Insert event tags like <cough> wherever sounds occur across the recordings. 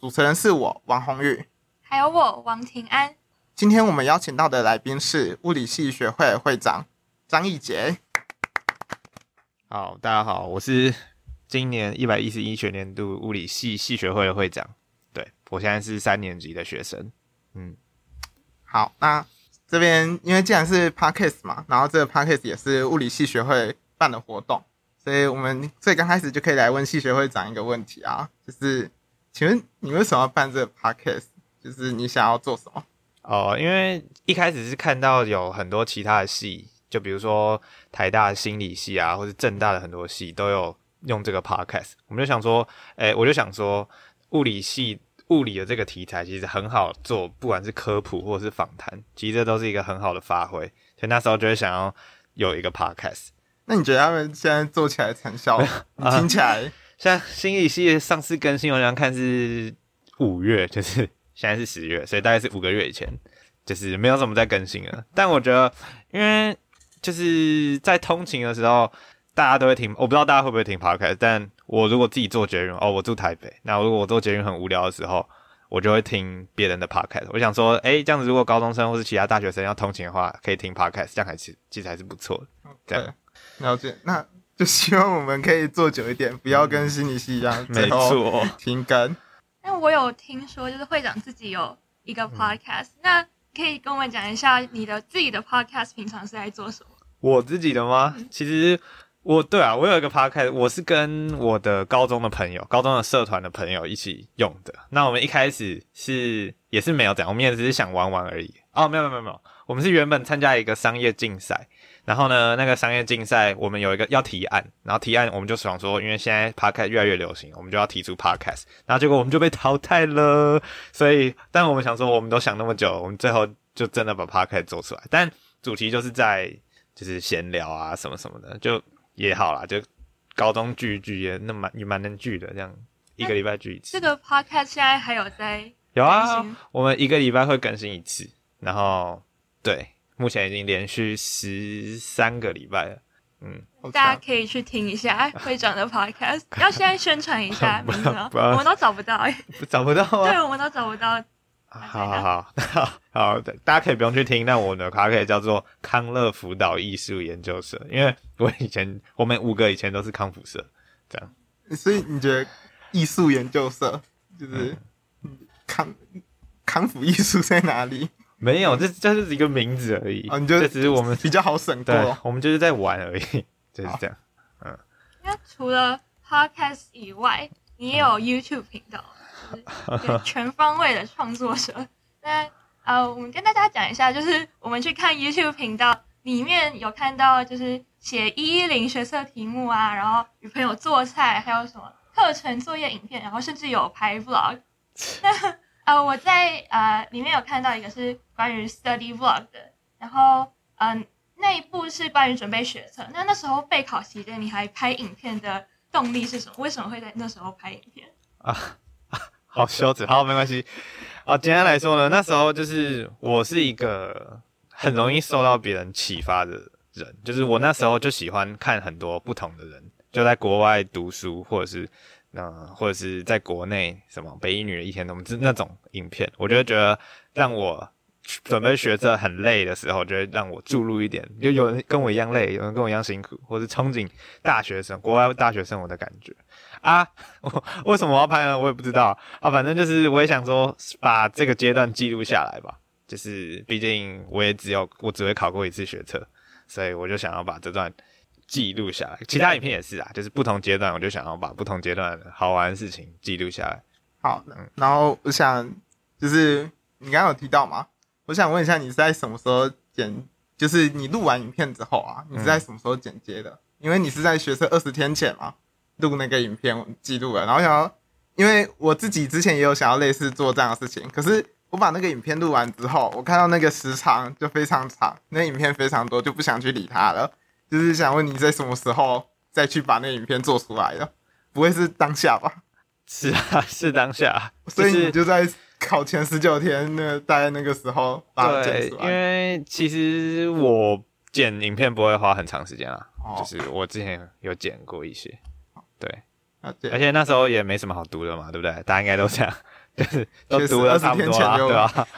主持人是我王弘禹；還有我王廷安。今天我們邀請到的來賓是物理系學會會長張亦杰。好，大家好，我是今年一百一十一學年度物理系系學會的會長。對，我現在是三年級的學生。嗯，好，那這邊因為既然是 Podcast 嘛，然後這個 Podcast 也是物理系學會辦的活動，所以我們最剛開始就可以來問系學會長一個問題啊，就是。請問你為什麼要辦這個 podcast？就是你想要做什麼？哦，因為一開始是看到有很多其他的系，就比如說台大的心理系啊，或者政大的很多系都有用這個 podcast，我們就想說，哎、欸，我就想說物理系物理的這個題材其實很好做，不管是科普或者是訪談，其實這都是一個很好的發揮，所以那時候就會想要有一個 podcast。那你覺得他們現在做起來成效？有聽起來？ <laughs> 像心理系上次更新，我想看是五月，就是現在是十月，所以大概是五個月以前，就是沒有什麼在更新了。但我覺得，因為就是在通勤的時候，大家都會聽。我不知道大家會不會聽 Podcast，但我如果自己坐捷運，哦，我住台北，那如果我坐捷運很無聊的時候，我就會聽別人的 Podcast。我想說，欸，誒這樣子如果高中生或是其他大學生要通勤的話，可以聽 Podcast，這樣還是其實還是不錯的。對了，了解那。就希望我們可以做久一點，不要跟心理系一樣，嗯、後沒錯，停更。那乾我有聽說，就是會長自己有一個 podcast，、嗯、那可以跟我講一下你的自己的 podcast 平常是在做什麼？我自己的嗎？嗯、其實我對啊，我有一個 podcast，我是跟我的高中的朋友，高中的社團的朋友一起用的。那我們一開始是也是沒有講，我們也只是想玩玩而已。哦，沒有沒有沒有沒有，我們是原本參加一個商業競賽。然後呢，那個商業競賽，我們有一個要提案，然後提案我們就想說，因為現在 podcast 越來越流行，我們就要提出 podcast，然後結果我們就被淘汰了。所以，但我們想說，我們都想那麼久，我們最後就真的把 podcast 做出來。但主題就是在，就是閒聊啊，什麼什麼的，就也好啦，就高中聚一聚也那麼蠻也蠻能聚的，這樣但一個禮拜聚一次。這個 podcast 現在還有在更新？有啊，我們一個禮拜會更新一次，然後對。目前已經連續十三個禮拜了，嗯，強大家可以去聽一下哎，會長的 podcast <laughs> 要現在宣傳一下、 <laughs> 嗯，不，不，我們都找不到哎，找不到啊？ <laughs> 對，我們都找不到。好好好，好，好，好，大家可以不用去聽，那我的 podcast 叫做康樂輔導藝術研究社，因為我以前我們五個以前都是康輔社，這樣。所以你覺得藝術研究社就是康、嗯、康輔藝術在哪裡？沒有，這這就是一個名字而已。啊、這只是我們比較好省、哦。對，我們就是在玩而已，就是這樣。好嗯。那除了 podcast 以外，你也有 YouTube 頻道，嗯、全方位的創作者。 <laughs> 那呃，我們跟大家講一下，就是我們去看 YouTube 頻道，裡面有看到就是寫一一零學測題目啊，然後與朋友做菜，還有什麼課程作業影片，然後甚至有拍 vlog。 <laughs> 呃，我在呃裡面有看到一個是關於 study vlog 的，然後嗯、呃、那一部是關於準備學測。那那時候備考期間，你還拍影片的動力是什麼？為什麼會在那時候拍影片？啊，好羞恥，好沒關係。啊，簡單來說呢，那時候就是我是一個很容易受到別人啟發的人，就是我那時候就喜歡看很多不同的人，就在國外讀書或者是。嗯，或者是在國內什麼北一女的一天，他們是那種影片，我就會覺得讓我準備學測很累的時候，就會讓我注入一點，就有人跟我一樣累，有人跟我一樣辛苦，或者憧憬大學生、國外大學生活的感覺啊。我為什麼我要拍呢？我也不知道啊，啊，反正就是我也想說把這個階段記錄下來吧，就是畢竟我也只有我只會考過一次學測，所以我就想要把這段記錄下來，其他影片也是啊，就是不同階段，我就想要把不同階段的好玩的事情記錄下來。好，然後我想，就是你剛剛有提到嘛，我想問一下，你是在什麼時候剪？就是你錄完影片之後啊，你是在什麼時候剪接的？嗯、因為你是在學車二十天前嘛，錄那個影片記錄了，然後想要，因為我自己之前也有想要類似做這樣的事情，可是我把那個影片錄完之後，我看到那個時長就非常長，那個影片非常多，就不想去理它了。就是想問你在什麼時候再去把那個影片做出來的？不會是當下吧？是啊，是當下，是所以你就在考前十九天那大概那個時候把剪出來。對，因為其實我剪影片不會花很長時間啊，哦、就是我之前有剪過一些，哦、對，而且那時候也沒什麼好讀的嘛，對不對？大家應該都這樣，就是都讀了、啊、二十天前就對啊，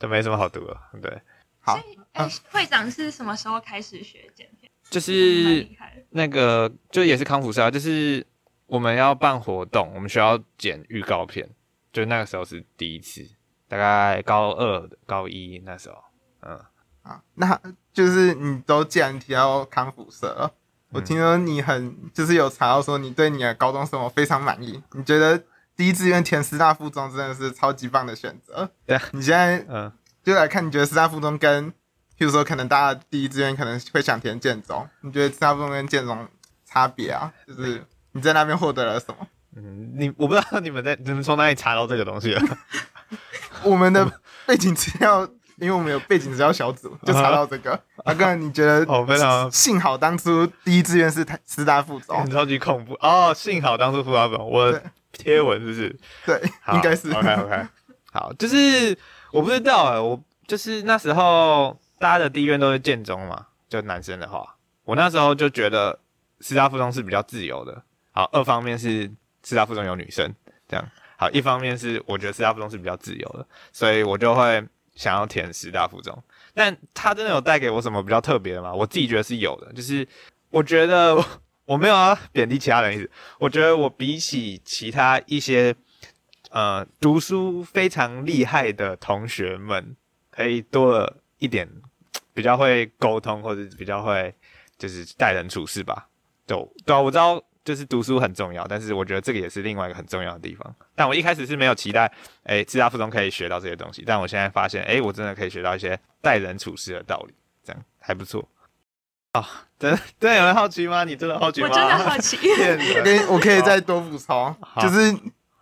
都沒什麼好讀了，對。好，所以哎、欸，會長是什麼時候開始學剪片？就是那個，就也是康輔社，就是我們要辦活動，我們需要剪預告片，就那個時候是第一次，大概高二、高一那時候，嗯，啊，那就是你都既然提到康輔社了、嗯、我聽說你很就是有查到說你對你的高中生活非常滿意，你覺得第一志願填師大附中真的是超級棒的選擇？對，你現在嗯，就來看你覺得師大附中跟。譬如說，可能大家第一志願可能會想填建中，你覺得師大附中跟建中差別啊？就是你在那邊獲得了什麼？嗯，你我不知道你們在你們從哪裡查到這個東西了？ <laughs> 我們的背景資料，因為我們有背景資料小組，就查到這個。阿哥、啊，啊啊、你覺得？哦，非常幸好當初第一志願是台師大附中。很超級恐怖哦，幸好當初附中，我貼文是不是？對，好應該是。OK OK。好，就是我不知道、欸，我就是那時候。大家的第一志願都是建中嘛，就男生的話，我那時候就覺得師大附中是比較自由的。好，二方面是師大附中有女生，這樣。好，一方面是我覺得師大附中是比較自由的，所以我就會想要填師大附中。但他真的有帶給我什麼比較特別的嗎？我自己覺得是有的，就是我覺得我，我沒有要貶低其他人意思。我覺得我比起其他一些呃讀書非常厲害的同學們，可以多了。一點比較會溝通，或者比較會就是待人處事吧，就對啊。我知道就是讀書很重要，但是我覺得這個也是另外一個很重要的地方。但我一開始是沒有期待，哎、欸，師大附中可以學到這些東西。但我現在發現，哎、欸，我真的可以學到一些待人處事的道理，這樣還不錯。啊、哦，對對，有人好奇嗎？你真的好奇嗎？我真的好奇 <laughs> 成。我點。你，我可以再多補充，好就是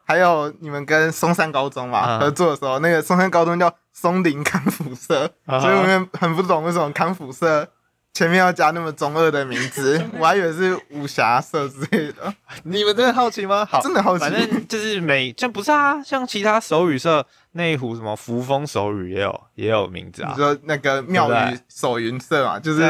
還有你們跟松山高中嘛合作的時候，嗯、哼那個松山高中叫。松林康輔社，所以我們很不懂為什麼康輔社前面要加那麼中二的名字，我還以為是武俠社之類的。你們真的好奇嗎？好，真的好奇。反正就是每，像不是啊，像其他手語社那一壺什麼扶風手語也有，也有名字啊，你說那個妙語手語社嘛，吧就是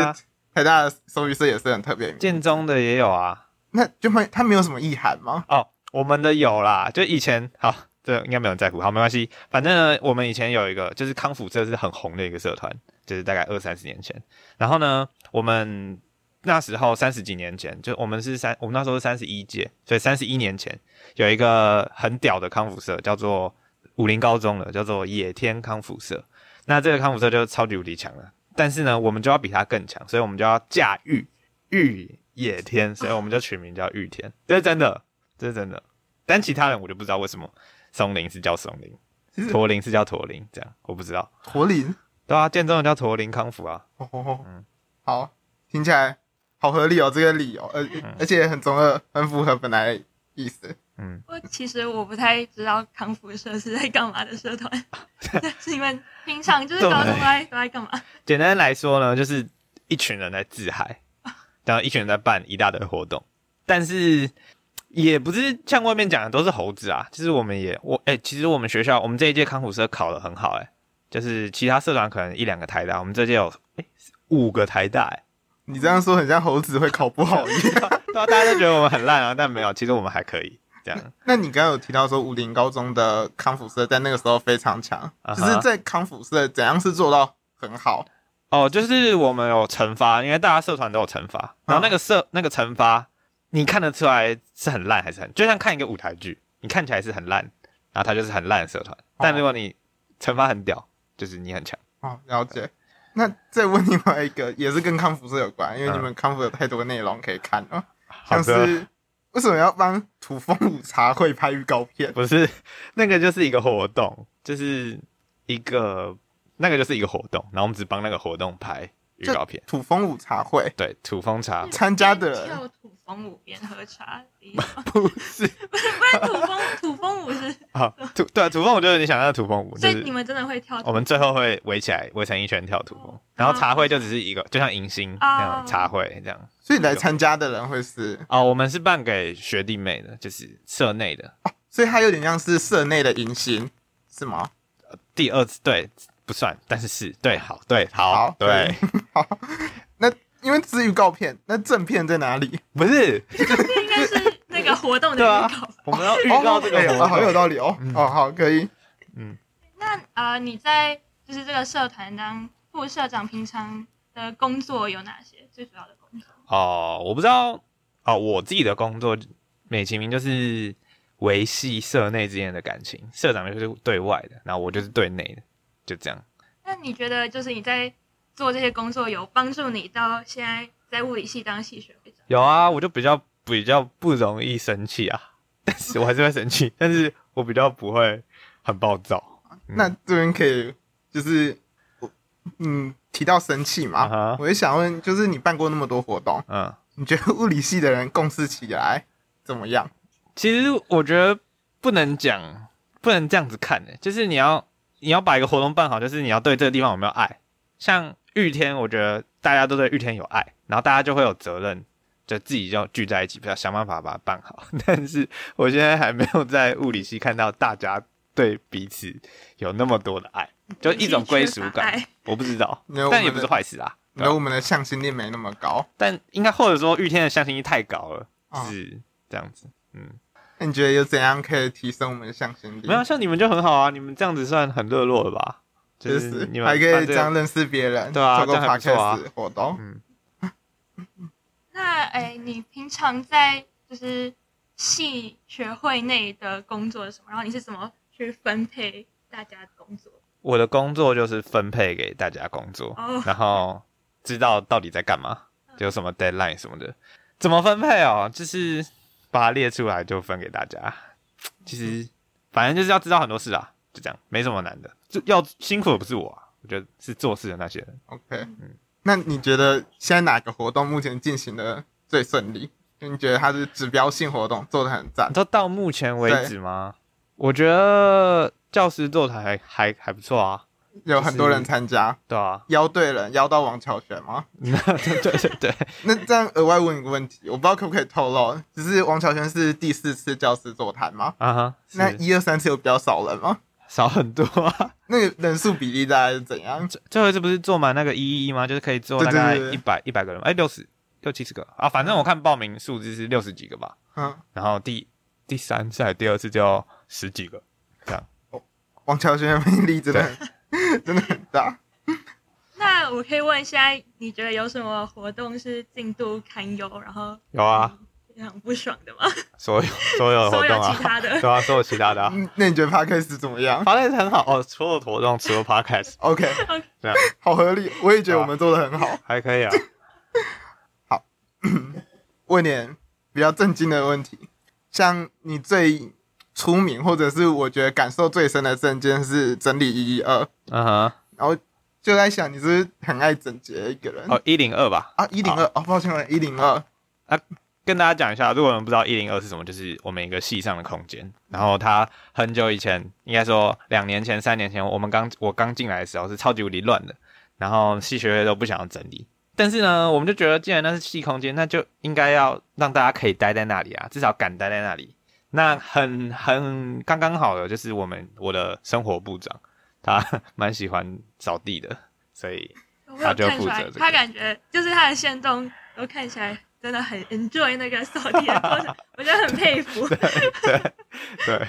台大的手語社也是很特別。建中的也有啊，那就沒他沒有什麼意涵嗎？哦，我們的有啦，就以前好。對，應該沒有人在乎，好，沒關係。反正呢，我們以前有一個，就是康輔社是很紅的一個社團，就是大概二三十年前。然後呢，我們那時候三十幾年前，就我們是三，我們那時候是三十一屆，所以三十一年前有一個很屌的康輔社，叫做武陵高中了，叫做野天康輔社。那這個康輔社就超級無敵強了，但是呢，我們就要比他更強，所以我們就要駕馭，馭野天，所以我們就取名叫御天。 <laughs> 這是真的，這是真的。但其他人我就不知道為什麼。松林是叫松林，駝其實 鈴是叫駝鈴，這樣我不知道。駝鈴，對啊，建中的叫駝鈴康輔啊。哦，哦，哦，哦，嗯，好，聽起來好合理哦，這個理由，而且、嗯、而且很中二，很符合本來的意思。嗯，我其實我不太知道康輔社是在幹嘛的社團。 <laughs> 是你們平常就是都在都在幹嘛？簡單來說呢，就是一群人在自嗨，啊、然後一群人在辦一大堆活動，但是。也不是像外面講的都是猴子啊，其實我們也我哎、欸，其實我們學校我們這一屆康輔社考得很好哎、欸，就是其他社團可能一兩個台大，我們這屆有哎、欸、五個台大。欸，你這樣說很像猴子會考不好一樣，對吧？大家都覺得我們很爛啊，但沒有，其實我們還可以。這樣。那，那你剛剛有提到說武林高中的康輔社在那個時候非常強，uh huh、就是在康輔社怎樣是做到很好哦，就是我們有懲罰，因為大家社團都有懲罰，然後那個社 Huh? 那個懲罰。你看得出來是很爛還是很就像看一個舞台劇，你看起來是很爛，然後它就是很爛的社團。哦、但如果你懲罰很屌，就是你很強哦。了解。那再問另外一個，也是跟康輔社有關，因為你們康輔有太多內容可以看了、哦。好的、嗯。像是歌為什麼要幫土風舞茶會拍預告片？不是，那個就是一個活動，就是一個那個就是一個活動，然後我們只幫那個活動拍預告片。土風舞茶會，對，土風茶參加的。舞邊喝茶， <laughs> 不，是 <laughs> 不是，不然土風土風舞是 <laughs> 好土對啊，土風舞就是你想要的土風舞，所以你們真的會跳，我們最後會圍起來圍成一圈跳土風，哦、然後茶會就只是一個、哦、就像迎新那樣茶會這樣，所以你來參加的人會是、嗯、哦，我們是辦給學弟妹的，就是社內的、哦，所以它有點像是社內的迎新是嗎？第二次對不算，但是是，對，好，對，好，好對，因為只有預告片，那正片在哪裡？不是，應該是那個活動的預告。 <laughs> 啊、我們要預告這個活動，好 <laughs> 有道理哦。 <laughs> 嗯、哦，好，可以。嗯，那呃，你在就是這個社團當副社長，平常的工作有哪些？最主要的工作？哦、呃，我不知道。哦、呃，我自己的工作美其名就是維繫社內之間的感情，社長就是對外的，然後我就是對內的，就這樣。那你覺得就是你在？做這些工作有幫助你到現在在物理系當系學會長？有啊，我就比較比較不容易生氣啊，但是我還是會生氣， <laughs> 但是我比較不會很暴躁。嗯、那這邊可以就是嗯提到生氣嘛，uh huh、我就想問，就是你辦過那麼多活動，嗯、uh，huh、你覺得物理系的人共事起來怎麼樣？其實我覺得不能講，不能這樣子看的，就是你要你要把一個活動辦好，就是你要對這個地方有沒有愛，像玉天，我覺得大家都對玉天有愛，然後大家就會有責任，就自己就聚在一起，不要想辦法把它辦好。但是我現在還沒有在物理系看到大家對彼此有那麼多的愛，就一種歸屬感，我不知道。但也不是壞事啊，沒有我們的向心力沒那麼高，但應該或者說玉天的向心力太高了，哦、是這樣子。嗯，那你覺得有怎樣可以提升我們的向心力？沒有，像你們就很好啊，你們這樣子算很熱絡了吧？就是你們還可以這樣認識別人，對啊，這樣子、啊、活動。 <laughs> 那哎、欸，你平常在就是系學會內的工作是什麼？然後你是怎麼去分配大家的工作？我的工作就是分配給大家工作，oh. 然後知道到底在幹嘛，就什麼 deadline 什麼的。怎麼分配哦？就是把它列出來就分給大家。其實反正就是要知道很多事啊。就這樣，沒什麼難的，就要辛苦的不是我，啊，我覺得是做事的那些人。OK，嗯、那你覺得現在哪個活動目前進行的最順利？你覺得它是指標性活動做得很讚？都到目前為止嗎？對我覺得教師座談還還，還不錯啊，有很多人參加，就是。對啊，邀，對人邀到王喬軒嗎？ <laughs> 對對對， <laughs> 那這樣額外問一個問題，我不知道可不可以透露，只，就是王喬軒是第四次教師座談嗎？啊哈，uh，huh, 那一二三次有比較少人嗎？少很多，啊，那個人數比例大概是怎樣？最後一次不是坐滿那個一一一嗎？就是可以坐大概一百一百個人，哎、欸，六十六七十個啊，反正我看報名數字是六十幾個吧。嗯，然後第第三次還是第二次就要十幾個，這樣。哦、王喬軒的魅力真的對 <laughs> 真的很大。那我可以問一下，你覺得有什麼活動是進度堪憂？然後有啊。不爽的嗎？所有所有的活動啊，其對啊，所有其他的。那你覺得 Podcast 怎麼樣？Podcast 很好哦，所有活動除了 Podcast OK，這樣，好合理。我也覺得我們做的很好，還可以啊。好，問點比較正經的問題，像你最出名，或者是我覺得感受最深的政見是整理一一二，啊哈，然後就在想，你是不是很愛整潔的一個人？哦，一零二吧，啊，一零二，哦，抱歉了，一零二，跟大家講一下，如果我們不知道一零二是什麼，就是我們一個系上的空間。然後他很久以前，應該說兩年前、三年前，我們剛我剛進來的時候是超級無敵亂的，然後系學會都不想要整理。但是呢，我們就覺得既然那是系空間，那就應該要讓大家可以待在那裡啊，至少敢待在那裡。那很很剛剛好的就是我們我的生活部長，他蠻喜歡掃地的，所以他就負責了這個。他感覺就是他的限動都看起來。真的很 enjoy 那個掃地， <laughs> 我覺得很佩服 <laughs> 對。對對對，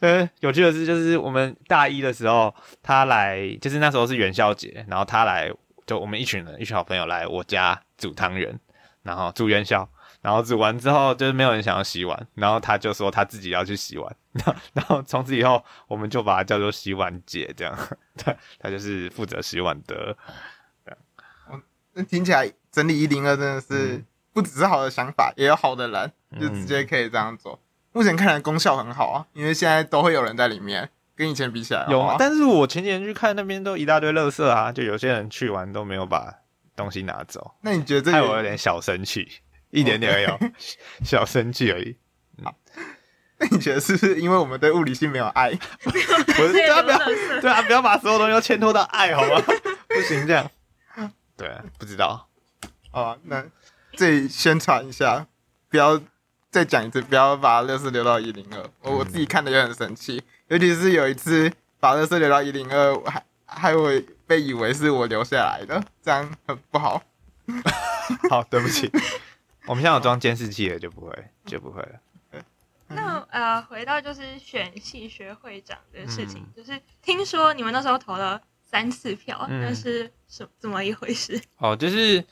對，有趣的是，就是我們大一的時候，他來，就是那時候是元宵節，然後他來，就我們一群人，一群好朋友來我家煮湯圓，然後煮元宵，然後煮完之後，後之後就是沒有人想要洗碗，然後他就說他自己要去洗碗，然後從此以後，我們就把他叫做洗碗姐，這樣，對，他就是負責洗碗的。對。聽起來整理一零二真的是。嗯不只是好的想法，也有好的人，就直接可以這樣做。嗯、目前看來功效很好啊，因為現在都會有人在裡面，跟以前比起來有啊。好嗎但是我前幾天去看那邊都一大堆垃圾啊，就有些人去玩都沒有把東西拿走。那你覺得這個、害我有點小生氣，Okay. 一點點而已，小生氣而已。那你覺得是不是因為我們對物理系沒有愛？不要、 <laughs> <laughs> 啊、不要，對啊，不要把所有東西都牽拖到愛好嗎？ <laughs> 不行這樣。對、啊，不知道 <laughs> 好啊，那。再宣傳一下，不要再講一次，不要把六四留到一零二。我我自己看的也很神奇，尤其是有一次把六四留到一零二，還還會被以為是我留下來的，這樣很不好。 <laughs> 好，對不起，我們現在有裝監視器了，就不會，嗯、就不會了。那呃，回到就是選系學會長的事情，嗯、就是聽說你們那時候投了三次票，嗯、那是什怎麼一回事？哦，就是。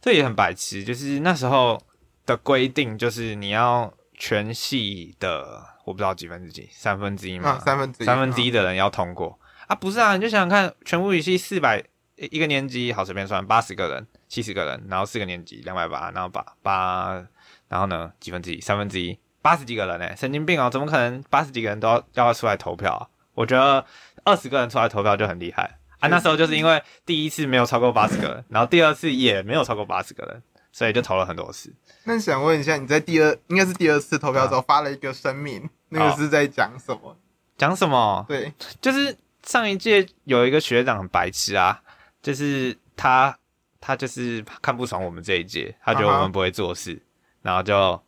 這也很白痴，就是那時候的規定，就是你要全系的，我不知道幾分之幾，三分之一嘛，啊、三分之一三分之一的人要通過好啊？不是啊，你就想想看，全物理系四百一一個年級，好隨便算，八十個人，七十個人，然後四個年級兩百八，280, 然後八八，然後呢幾分之一，三分之一，八十幾個人呢？神經病啊、哦，怎麼可能八十幾個人都要要出來投票啊？我覺得二十個人出來投票就很厲害。啊，那時候就是因為第一次沒有超過八十個人，然後第二次也沒有超過八十個人，所以就投了很多次。那想問一下，你在第二應該是第二次投票的時候發了一個聲明，嗯、那個是在講什麼？講什麼？對，就是上一屆有一個學長很白痴啊，就是他他就是看不爽我們這一屆，他覺得我們不會做事，啊、哈然後就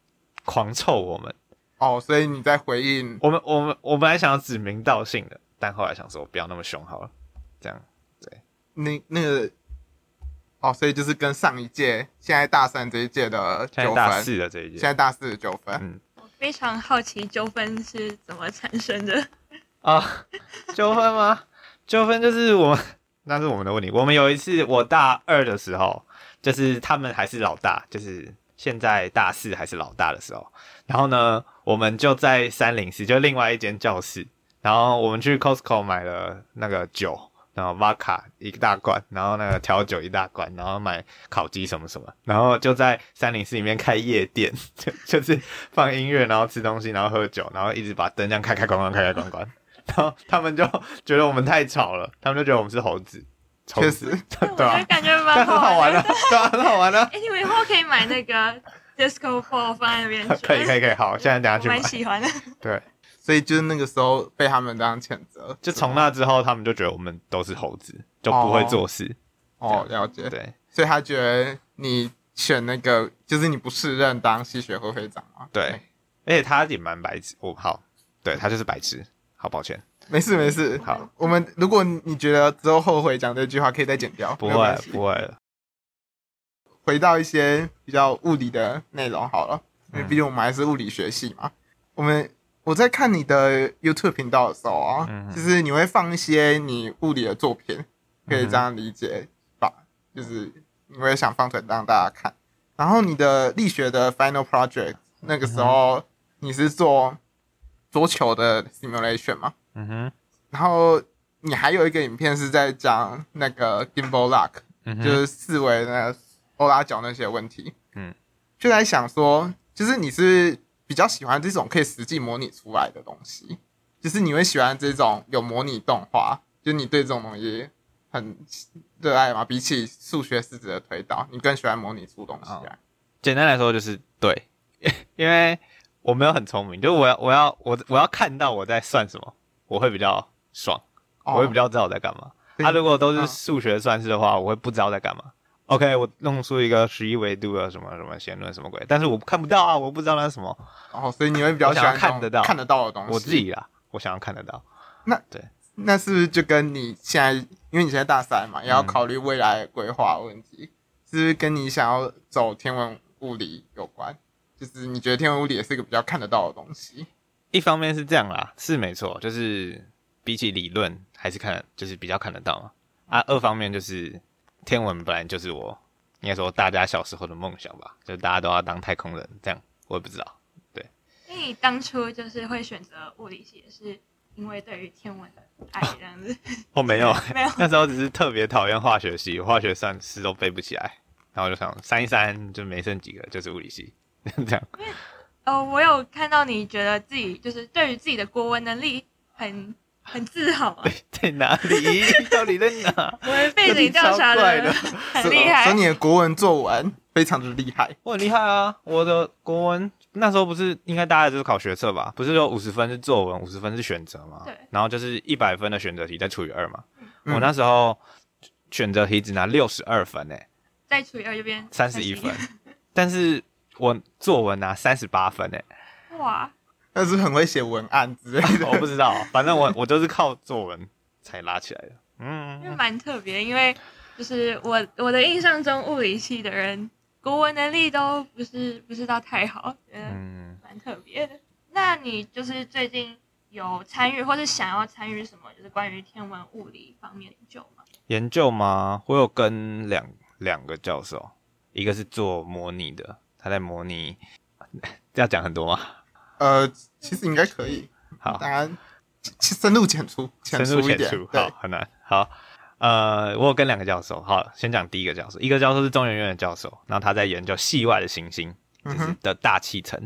狂臭我們。哦，所以你在回應。我們，我們我本來想要指名道姓的，但後來想說不要那麼凶好了。這樣，對，那那個，哦，所以就是跟上一屆，現在大三這一屆的糾紛，大四的這一屆，現在大四的糾紛。分嗯，我非常好奇糾紛是怎麼產生的啊？糾紛、哦、 <laughs> 嗎？糾紛就是我們，那是我們的問題。我們有一次，我大二的時候，就是他們還是老大，就是現在大四還是老大的時候，然後呢，我們就在三零四，就另外一間教室，然後我們去 Costco 買了那個酒。然後挖卡一大罐，然後那個調酒一大罐，然後買烤雞什麼什麼，然後就在三零四裡面開夜店，就、嗯、 <laughs> 就是放音樂，然後吃東西，然後喝酒，然後一直把燈這樣開開關關開開關關，然後他們就覺得我們太吵了，他們就覺得我們是猴子，確實，嗯、 <laughs> 對啊，就感覺蠻好玩， <laughs> 啊、好玩的，對啊，很好玩的。哎、欸，你們以後可以買那個 disco ball 放在那邊， <laughs> 可以可以可以，好，現在等下去買，蠻喜歡的， <laughs> 對。所以就是那個時候被他們這樣譴責，就從那之後他們就覺得我們都是猴子，就不會做事。哦，了解。對，所以他覺得你選那個就是你不適任當系學會會長嘛。對，而且他也蠻白痴。哦，好，對他就是白痴。好，抱歉。沒事沒事。好，我們如果你覺得之後後悔講這句話，可以再剪掉。不會不會了。回到一些比較物理的內容好了，因為畢竟我們還是物理學系嘛。我們。我在看你的 YouTube 頻道的時候啊，嗯哼。就是你會放一些你物理的作品，可以這樣理解吧？嗯哼。就是你會想放出來讓大家看。然後你的力學的 Final Project 那個時候你是做桌球的 Simulation 嘛。嗯哼。然後你還有一個影片是在講那個 Gimbal Lock，嗯哼。就是四維那歐拉角那些問題。嗯哼。就在想說，就是你是。比較喜歡這種可以實際模擬出來的東西，就是你會喜歡這種有模擬動畫，就你對這種東西很熱愛嘛？比起數學式子的推導，你更喜歡模擬出東西來、哦、簡單來說就是對，因為我沒有很聰明，就我要我要我我要看到我在算什麼，我會比較爽，哦、我會比較知道我在幹嘛。他、嗯啊、如果都是數學算式的話，嗯、我會不知道在幹嘛。OK，我弄出一個十一維度的什麼什麼弦論什麼鬼，但是我看不到啊，我不知道那是什麼。然後、哦、所以你會比較喜歡看得到看得到的東西。我自己啦，我想要看得到。那對，那是不是就跟你現在，因為你現在大三嘛，也要考慮未來規劃問題，嗯、是不是跟你想要走天文物理有關？就是你覺得天文物理也是一個比較看得到的東西？一方面是這樣啦，是沒錯，就是比起理論還是看，就是比較看得到嘛。啊，二方面就是。天文本來就是我應該說，大家小時候的夢想吧，就是大家都要當太空人這樣。我也不知道，對。那你當初就是會選擇物理系，是因為對於天文的愛這樣子？我沒有，沒有。沒有那時候只是特別討厭化學系，化學算是都背不起來，然後就想刪一刪，就沒剩幾個，就是物理系這樣。哦、呃，我有看到，你覺得自己就是對於自己的國文能力很很自豪啊！在哪裡？到底在哪？ <laughs> 我的背景調查來了。是 <laughs> 很厲害。所以你的國文作文非常的厲害，我很厲害啊！我的國文那時候不是應該大家都是考學測吧？不是說五十分是作文，五十分是選擇嘛？對。然後就是一百分的選擇題再除以二嘛。嗯、我那時候選擇題只拿六十二分呢，再除以二就變三十一分。 <laughs> 但是我作文拿三十八分呢。哇。但是，是很會寫文案之類的，啊，我不知道，啊， <laughs> 反正我我就是靠作文才拉起來的，嗯， <laughs> 因為蠻特別，因為就是我我的印象中物理系的人國文能力都不是不知道太好，覺得嗯，蠻特別的。那你就是最近有參與或是想要參與什麼就是關於天文物理方面研究嗎？研究嗎？我有跟兩兩個教授，一個是做模擬的，他在模擬，要講很多嗎？呃，其實應該可以，好，當然，深入淺出，淺出一點，深入淺出，對，很難，好，呃，我有跟兩個教授，好，先講第一個教授，一個教授是中研院的教授，然後他在研究系外的行星，嗯、就是、的大氣層，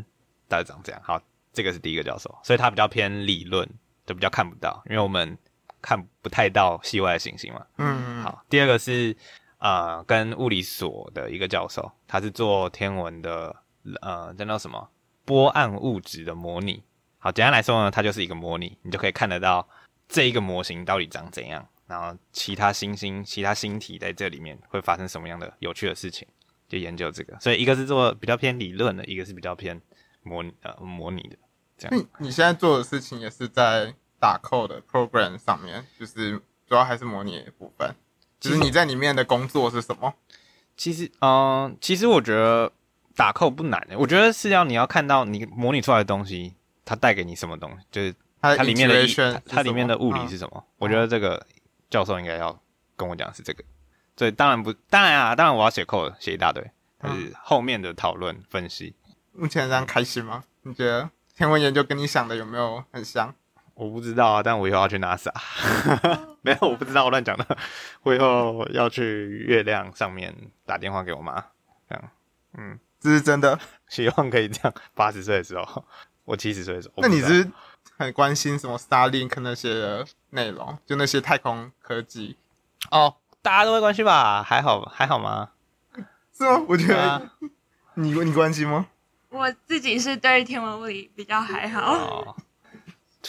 大概長這樣，嗯、哼好，這個是第一個教授，所以他比較偏理論，就比較看不到，因為我們看不太到系外的行星嘛，嗯，好，第二個是啊、呃，跟物理所的一個教授，他是做天文的，呃，叫那什麼？波暗物質的模擬，好，簡單來說呢，它就是一個模擬，你就可以看得到這一個模型到底長怎樣，然後其他星星、其他星體在這裡面會發生什麼樣的有趣的事情，就研究這個。所以一個是做比較偏理論的，一個是比較偏模呃模擬的。這樣，你現在做的事情也是在打 code 的 program 上面，就是主要還是模擬部分。其實你在裡面的工作是什麼？其實，嗯，其實我覺得。打扣不難，欸，我覺得是要你要看到你模擬出來的東西，它帶給你什麼東西，就是它裡面的，的它，它裡面的物理是什麼？啊、我覺得這個教授應該要跟我講是這個。所以當然不當然啊，當然我要寫扣寫一大堆，但、啊、是後面的討論分析。目前這樣開心嗎？嗯、你覺得天文研究跟你想的有沒有很像？我不知道啊，但我以後要去 NASA，哈哈 <laughs> 沒有，我不知道，我亂講的。 <laughs> 我以後要去月亮上面打電話給我媽，這樣，嗯。是真的，希望可以這樣。八十歲的時候，我七十歲的時候，那你是很關心什麼 Starlink 那些內容，就那些太空科技哦，大家都會關心吧？還好，還好嗎？是嗎？我覺得、啊、你你關心嗎？我自己是對天文物理比較還好，哦。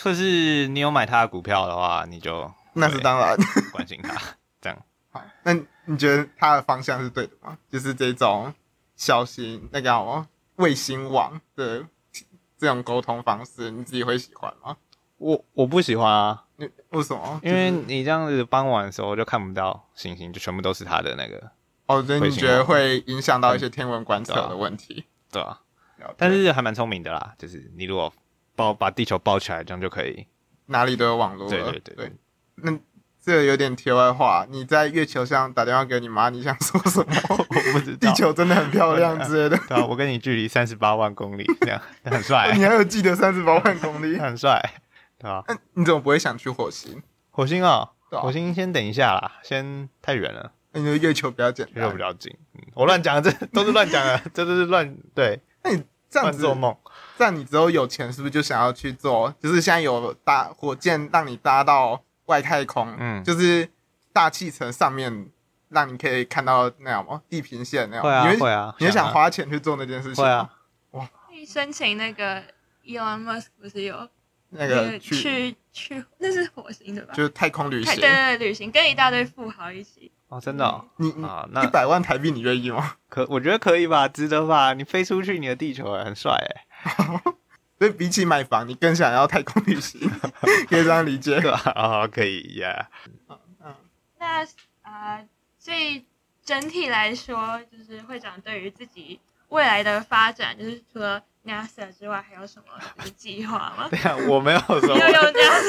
可是你有買他的股票的話，你就那是當然關心他。 <laughs> 這樣好，那你覺得他的方向是對的嗎？就是這種。小型那個叫衛星網的這種溝通方式，你自己會喜歡嗎？我我不喜歡啊。你為什麼？就是、因為你這樣子傍晚的時候就看不到星星，就全部都是他的那個哦。所以你覺得會影響到一些天文觀測的問題？嗯、對啊。對啊，了解。但是還蠻聰明的啦，就是你如果抱，把地球抱起來，這樣就可以哪裡都有網絡對，對對對，對那。這個有點題外話，你在月球上打電話給你媽，你想說什麼？我不知道。地球真的很漂亮之類的對、啊對啊對啊。對啊，我跟你距離三十八萬公里，這樣,這樣很帥。 <laughs> 你還有記得三十八萬公里？ <laughs> 很帥，對那、啊嗯、你怎麼不會想去火星？火星、喔、對啊，火星先等一下啦，先太遠了。那月球比較簡單，月球比較,比較近。嗯、我亂講，這都是亂講的，這都是亂 <laughs> 對。那你、欸、這樣子做夢，那你之後有,有錢是不是就想要去做？就是現在有搭火箭讓你搭到。外太空，嗯，就是大氣層上面，讓你可以看到那樣嗎？地平線那樣？啊，會啊！你也想花錢去做那件事情？會啊！哇！你申請那個 Elon Musk 不是有那個去去，那是火星的吧？就是太空旅行，對對，旅行跟一大堆富豪一起。哦，真的哦？你啊，那一百萬台幣，你願意嗎？可我覺得可以吧，值得吧？你飛出去，你的地球很帥欸。所以比起買房，你更想要太空旅行？可以這樣理解吧，可以呀。嗯，那呃，所以整體來說，就是會長對於自己未來的發展，就是除了 NASA 之外，還有什麼計劃嗎？對呀，我沒有什麼。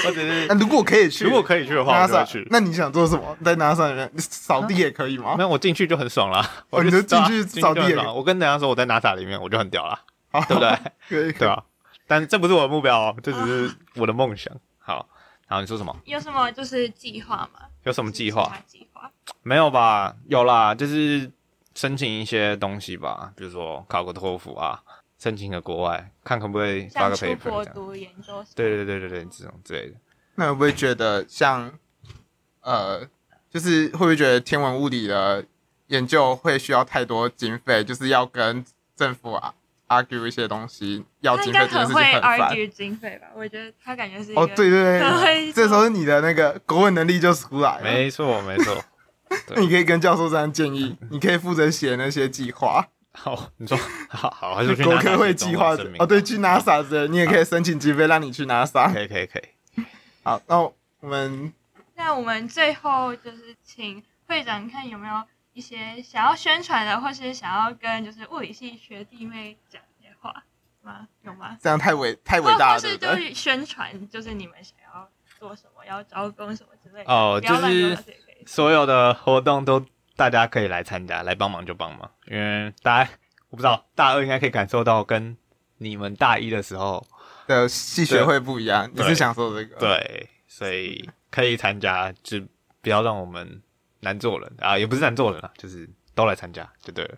我只是如果可以去，如果可以去的話，去。那你想做什麼？在 NASA 裡面掃地也可以嗎？沒有，我進去就很爽了。我就進去掃地。我跟大家說，我在 NASA 裡面，我就很屌了，對不對？可以，對啊。但這不是我的目標。哦，這只是我的夢想。啊、好，然後你說什麼？有什麼就是計劃嗎？有什麼計劃？計劃？沒有吧？有啦，就是申請一些東西吧，比如說考個托福啊，申請個國外，看可不可以發個 paper，像出國讀研究，對對對對對，這種之類的。那會不會覺得像呃，就是會不會覺得天文物理的研究會需要太多經費，就是要跟政府啊？argue 一些東西要經費，他應該很會 argue 經費吧？我覺得他感覺是哦，對對對，這時候你的那個國文能力就出來了，沒錯沒錯。那你可以跟教授這樣建議，你可以負責寫那些計劃。好，你說，好好，還是國科會計劃。哦，對，去 NASA？你也可以申請經費，讓你去 NASA？可以可以可以。好，那我們那我們最後就是請會長看有沒有。一些想要宣傳的，或是想要跟就是物理系學弟妹講的話嗎？有嗎？這樣太偉太偉大了。就是就是宣傳，就是你們想要做什麼，要招工什麼之類的。哦，就是所有的活動都大家可以來參加，來幫忙就幫忙，因為大家，我不知道大二應該可以感受到跟你們大一的時候的系學會不一樣。對你是想說這個？對，所以可以參加，就不要讓我們難做人啊，也不是難做人啊，就是都來參加就對了。